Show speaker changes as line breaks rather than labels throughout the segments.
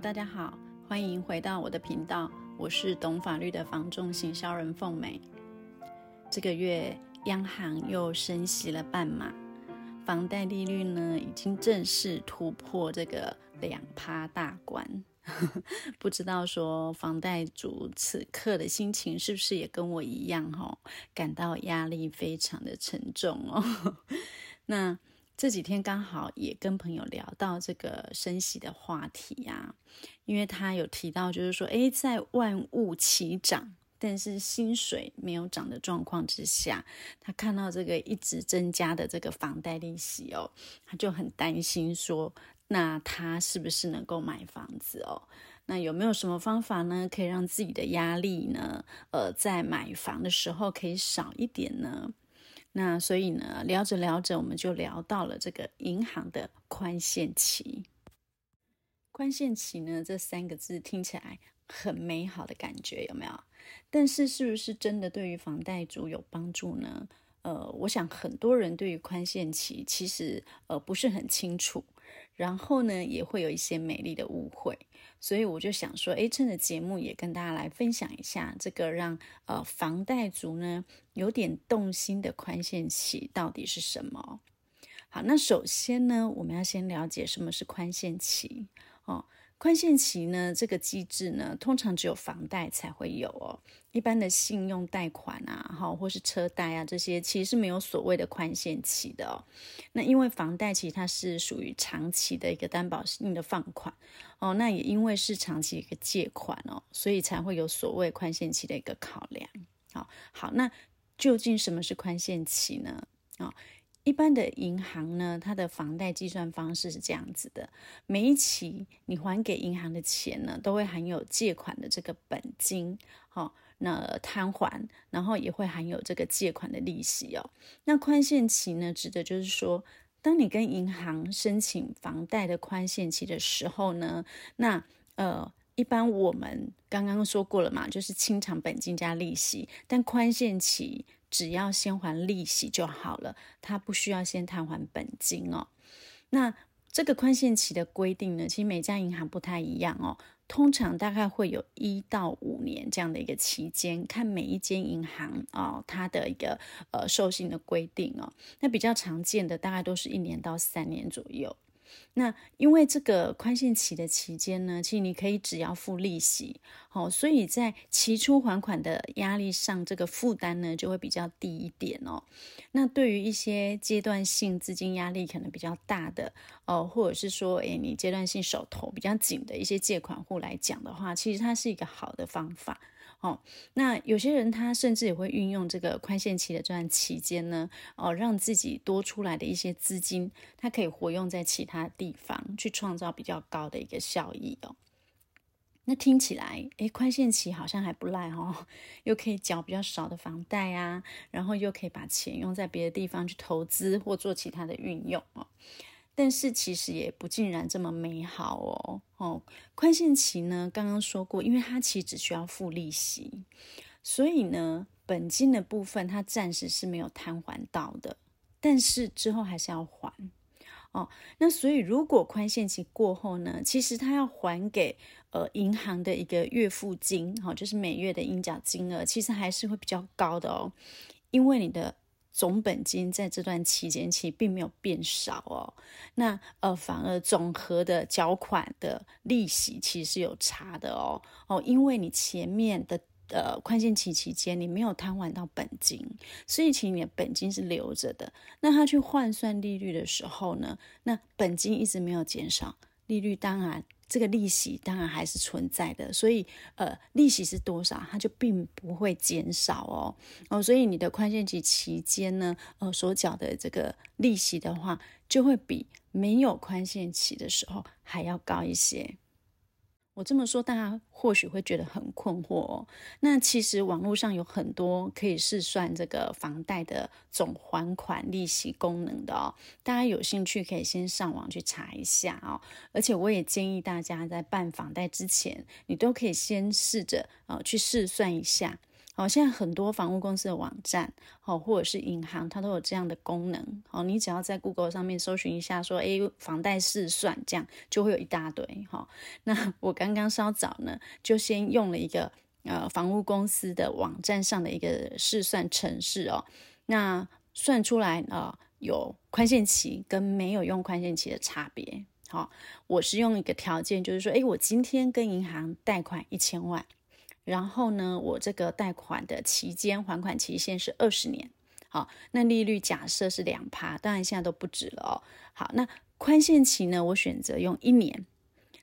大家好，歡迎回到我的頻道，我是懂法律的房仲行銷人鳳梅。這個月央行又升息了半碼，房貸利率呢已經正式突破這個兩趴大關。 不知道說房貸主此刻的心情是不是也跟我一樣、哦、感到壓力非常的沉重哦。 那。這幾天剛好也跟朋友聊到這個升息的話題呀、啊，因為他有提到，就是說，哎，在萬物齊漲，但是薪水沒有漲的狀況之下，他看到這個一直增加的這個房貸利息哦，他就很擔心說，那他是不是能夠買房子哦？那有沒有什麼方法呢，可以讓自己的壓力呢，呃，在買房的時候可以少一點呢？那所以呢，聊着聊着，我們就聊到了這個銀行的寬限期。寬限期呢，這三個字聽起來很美好的感覺，有沒有？但是是不是真的對於房貸族有幫助呢？呃，我想很多人對於寬限期其實呃不是很清楚。然後呢，也會有一些美麗的誤會，所以我就想說，哎，趁着節目也跟大家來分享一下這個讓呃房貸族呢有點動心的寬限期到底是什麼。好，那首先呢，我們要先了解什麼是寬限期哦。寬限期呢，這個機制呢，通常只有房貸才會有哦。一般的信用貸款啊，哦、或是車貸啊，這些其實是沒有所謂的寬限期的哦。那因為房貸其實它是屬於長期的一個擔保性的放款哦，那也因為是長期一個借款哦，所以才會有所謂寬限期的一個考量。好、哦、好，那究竟什麼是寬限期呢？啊、哦？一般的銀行呢，它的房貸計算方式是這樣子的：每一期你還給銀行的錢呢，都會含有借款的這個本金，好、哦，那攤還，然後也會含有這個借款的利息哦。那寬限期呢，指的就是說，當你跟銀行申請房貸的寬限期的時候呢，那呃。一般我們剛剛說過了嘛，就是清償本金加利息。但寬限期只要先還利息就好了，它不需要先償還本金哦。那這個寬限期的規定呢，其實每家銀行不太一樣哦。通常大概會有一到五年這樣的一個期間，看每一間銀行啊、哦、它的一個呃授信的規定哦。那比較常見的大概都是一年到三年左右。那因為這個寬限期的期間呢，其實你可以只要付利息，好、哦，所以在期初還款的壓力上，這個負擔呢，就會比較低一點哦。那對於一些階段性資金壓力可能比較大的，哦，或者是說，誒，你階段性手頭比較緊的一些借款戶來講的話，其實它是一個好的方法哦。那有些人他甚至也會運用這個寬限期的這段期間呢，哦，讓自己多出來的一些資金，它可以活用在其他。地方去創造比較高的一個效益哦，那聽起來哎寬限期好像還不賴哦。又可以繳比較少的房貸啊，然後又可以把錢用在別的地方去投資或做其他的運用哦。但是其實也不盡然這麼美好哦哦，寬限期呢剛剛說過，因為它其實只需要付利息，所以呢本金的部分它暫時是沒有攤還到的，但是之後還是要還。哦，那所以如果寬限期過後呢，其實他要還給呃銀行的一個月付金，好、哦，就是每月的應繳金額，其實還是會比較高的哦，因為你的總本金在這段期間其實並沒有變少哦，那呃反而總和的繳款的利息其實是有差的哦，哦，因為你前面的。呃，寬限期期間你沒有攤還到本金，所以其實你的本金是留着的。那他去換算利率的時候呢，那本金一直沒有減少，利率當然這個利息當然還是存在的，所以呃，利息是多少，它就並不會減少哦哦。呃，所以你的寬限期期間呢，呃，所繳的這個利息的話，就會比沒有寬限期的時候還要高一些。我這麼說，大家或許會覺得很困惑哦。那其實網絡上有很多可以試算這個房貸的總還款利息功能的哦。大家有興趣可以先上網去查一下哦。而且我也建議大家在辦房貸之前，你都可以先試着呃、哦、去試算一下。哦，現在很多房屋公司的網站，哦，或者是銀行，它都有這樣的功能。哦，你只要在 Google 上面搜尋一下，說，哎，房貸試算，這樣就會有一大堆。哈，那我剛剛稍早呢，就先用了一個呃房屋公司的網站上的一個試算程式，哦，那算出來，呃，有寬限期跟沒有用寬限期的差別。好，哦，我是用一個條件，就是說，哎，我今天跟銀行貸款一千萬。然後呢，我這個貸款的期間，還款期限是二十年，好，那利率假設是兩趴，當然現在都不止了哦。好，那寬限期呢，我選擇用一年。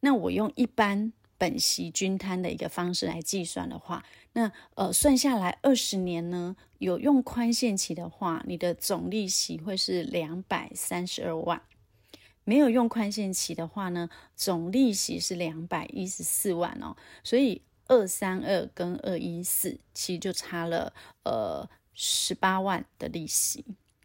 那我用一般本息均攤的一個方式來計算的話，那呃算下來二十年呢，有用寬限期的話，你的總利息會是兩百三十二萬；沒有用寬限期的話呢，總利息是兩百一十四萬哦。所以。二三二跟二一四其實就差了呃十八萬的利息。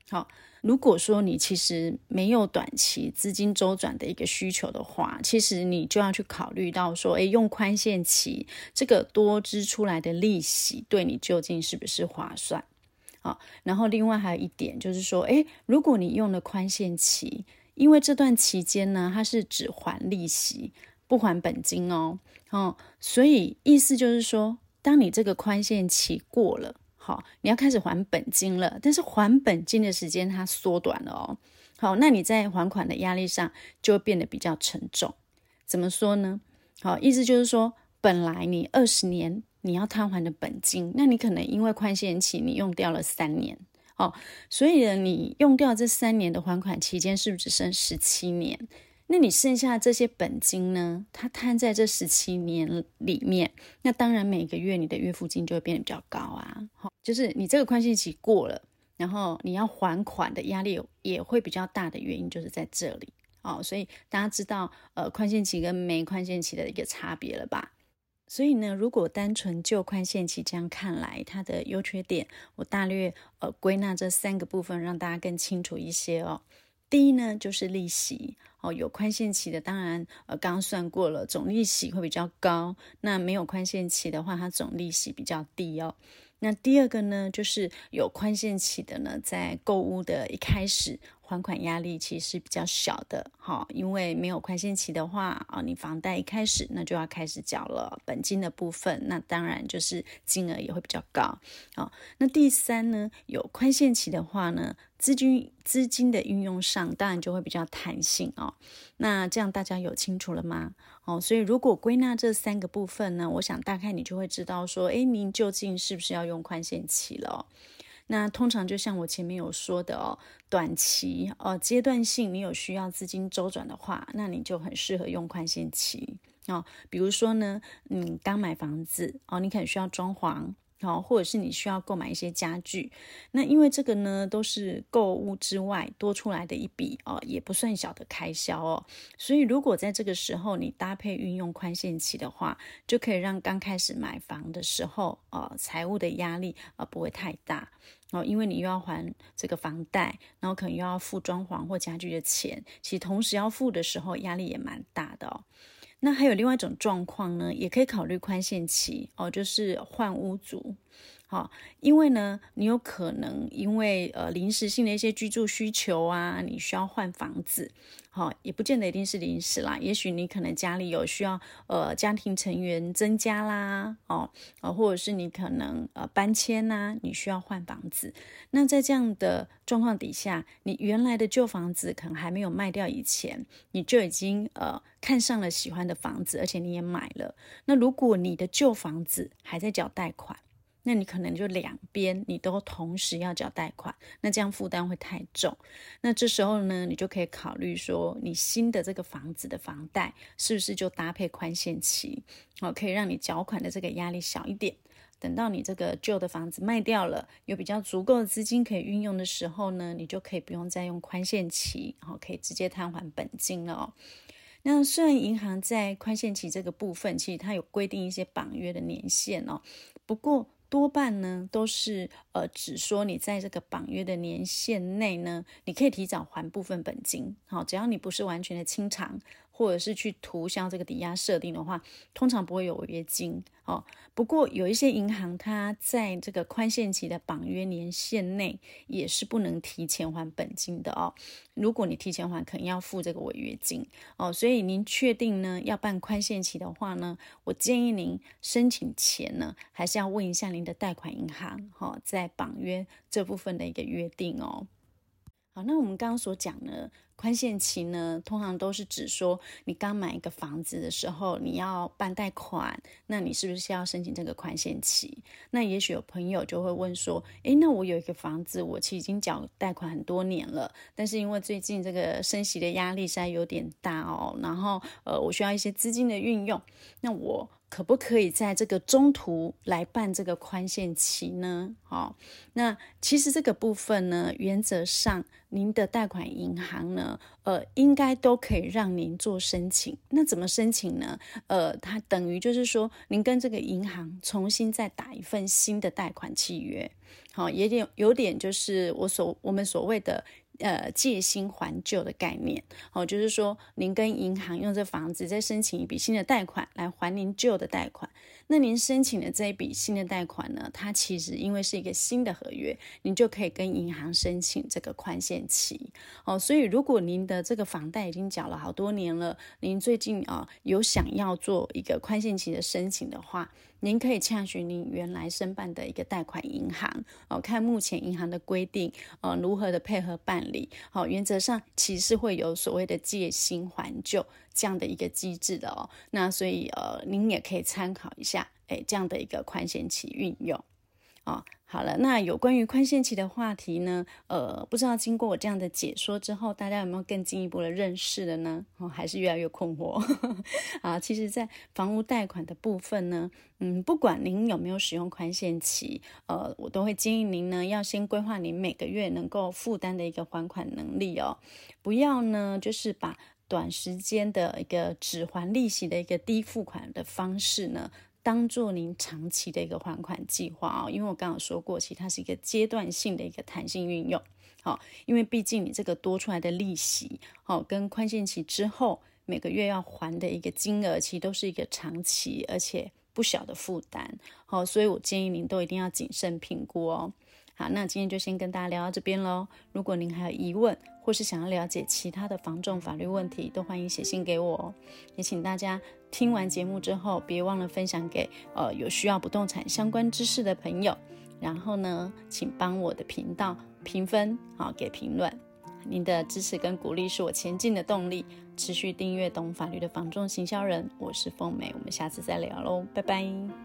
好，如果說你其實沒有短期資金周轉的一個需求的話，其實你就要去考慮到說，誒，用寬限期這個多支出來的利息對你究竟是不是划算？好，然後另外還有一點就是說，誒，如果你用了寬限期，因為這段期間呢，它是只還利息，不還本金哦。哦、嗯，所以意思就是說，當你這個寬限期過了，好，你要開始還本金了，但是還本金的時間它縮短了哦。好，那你在還款的壓力上就會變得比較沉重。怎麼說呢？好，意思就是說，本來你二十年你要攤還的本金，那你可能因為寬限期你用掉了三年，哦，所以呢你用掉這三年的還款期間，是不是只剩十七年？那你剩下的這些本金呢，它攤在這十七年裡面，那當然每個月你的月付金就會變得比較高啊。好，就是你這個寬限期過了，然後你要還款的壓力也會比較大的原因就是在這裡哦。所以大家知道呃寬限期跟沒寬限期的一個差別了吧？所以呢，如果單純就寬限期這樣看來，它的優缺點我大略呃歸納這三個部分，讓大家更清楚一些哦。第一呢，就是利息哦，有寬限期的，當然呃，剛剛算過了，總利息會比較高。那沒有寬限期的話，它總利息比較低哦。那第二個呢，就是有寬限期的呢，在購屋的一開始。還款壓力其實比較小的，好、哦，因為沒有寬限期的話，啊、哦，你房貸一開始那就要開始繳了本金的部分，那當然就是金額也會比較高，好、哦，那第三呢，有寬限期的話呢，資金資金的運用上當然就會比較彈性哦，那這樣大家有清楚了嗎？哦，所以如果歸納這三個部分呢，我想大概你就會知道說，哎，您究竟是不是要用寬限期了。那通常就像我前面有說的哦，短期，哦，階段性，你有需要資金周轉的話，那你就很適合用寬限期。哦，比如說呢，你剛買房子哦，你可能需要裝潢。然後，或者是你需要購買一些家具，那因為這個呢，都是購物之外多出來的一筆哦，也不算小的開銷哦。所以，如果在這個時候你搭配運用寬限期的話，就可以讓剛開始買房的時候，哦，財務的壓力不會太大哦。因為你又要還這個房貸，然後可能又要付裝潢或家具的錢，其實同時要付的時候，壓力也蠻大的哦。那還有另外一種狀況呢，也可以考慮寬限期哦，就是換屋族。好，因為呢，你有可能因為呃臨時性的一些居住需求啊，你需要換房子。好，也不見得一定是臨時啦，也許你可能家裡有需要，呃，家庭成員增加啦，哦，呃，或者是你可能呃搬遷吶，你需要換房子。那在這樣的狀況底下，你原來的舊房子可能還沒有賣掉以前，你就已經呃看上了喜歡的房子，而且你也買了。那如果你的舊房子還在繳貸款。那你可能就兩邊你都同時要繳貸款，那這樣負擔會太重。那這時候呢，你就可以考慮說，你新的這個房子的房貸是不是就搭配寬限期，好、哦、可以讓你繳款的這個壓力小一點。等到你這個舊的房子賣掉了，有比較足夠的資金可以運用的時候呢，你就可以不用再用寬限期，好、哦、可以直接攤還本金了哦。那雖然銀行在寬限期這個部分，其實它有規定一些綁約的年限哦，不過。多半呢都是呃，只說你在這個綁約的年限內呢，你可以提早還部分本金，好、哦，只要你不是完全的清償。或者是去塗銷這個抵押設定的話，通常不會有違約金哦。不過有一些銀行，它在這個寬限期的綁約年限內也是不能提前還本金的哦。如果你提前還，可能要付這個違約金哦。所以您確定呢要辦寬限期的話呢，我建議您申請前呢，還是要問一下您的貸款銀行哈，哦，在綁約這部分的一個約定哦。好，那我們剛剛所講的寬限期呢，通常都是指說，你剛買一個房子的時候，你要辦貸款，那你是不是要申請這個寬限期？那也許有朋友就會問說，哎，那我有一個房子，我其實已經繳貸款很多年了，但是因為最近這個升息的壓力實在有點大哦，然後呃，我需要一些資金的運用，那我。可不可以在這個中途來辦這個寬限期呢？好、哦，那其實這個部分呢，原則上您的貸款銀行呢，呃，應該都可以讓您做申請。那怎麼申請呢？呃，它，等於就是說，您跟這個銀行重新再打一份新的貸款契約。好、哦，也有點有點就是我所我們所謂的，呃，借新還舊的概念，哦，就是說您跟銀行用這房子再申請一筆新的貸款來還您舊的貸款。那您申請的這一筆新的貸款呢，它其實因為是一個新的合約，您就可以跟銀行申請這個寬限期。哦，所以如果您的這個房貸已經繳了好多年了，您最近啊，哦，有想要做一個寬限期的申請的話，您可以洽詢您原來申辦的一個貸款銀行哦，看目前銀行的規定，呃，如何的配合辦。好，原則上其實會有所謂的借新還舊這樣的一個機制的哦。那所以呃，您也可以參考一下，哎，這樣的一個寬限期運用。啊、哦，好了，那有關於寬限期的話題呢，呃，不知道經過我這樣的解說之後，大家有沒有更進一步的認識了呢？哦，還是越來越困惑啊。， 其實，在房屋貸款的部分呢，嗯，不管您有沒有使用寬限期，呃，我都會建議您呢，要先規劃您每個月能夠負擔的一個還款能力哦，不要呢，就是把短時間的一個只還利息的一個低付款的方式呢。當做您長期的一個還款計劃哦，因為我剛剛有說過，其實它是一個階段性的一個彈性運用，好、哦，因為畢竟你這個多出來的利息，好、哦，跟寬限期之後每個月要還的一個金額，其實都是一個長期而且不小的負擔，好、哦，所以我建議您都一定要謹慎評估哦。好，那今天就先跟大家聊到這邊嘍，如果您還有疑問。或是想要了解其他的房仲法律問題，都歡迎寫信給我哦。也請大家聽完節目之後，別忘了分享給呃有需要不動產相關知識的朋友。然後呢，請幫我的頻道評分好，給評論。您的支持跟鼓勵是我前進的動力。持續訂閱懂法律的房仲行銷人，我是鳳梅，我們下次再聊嘍，拜拜。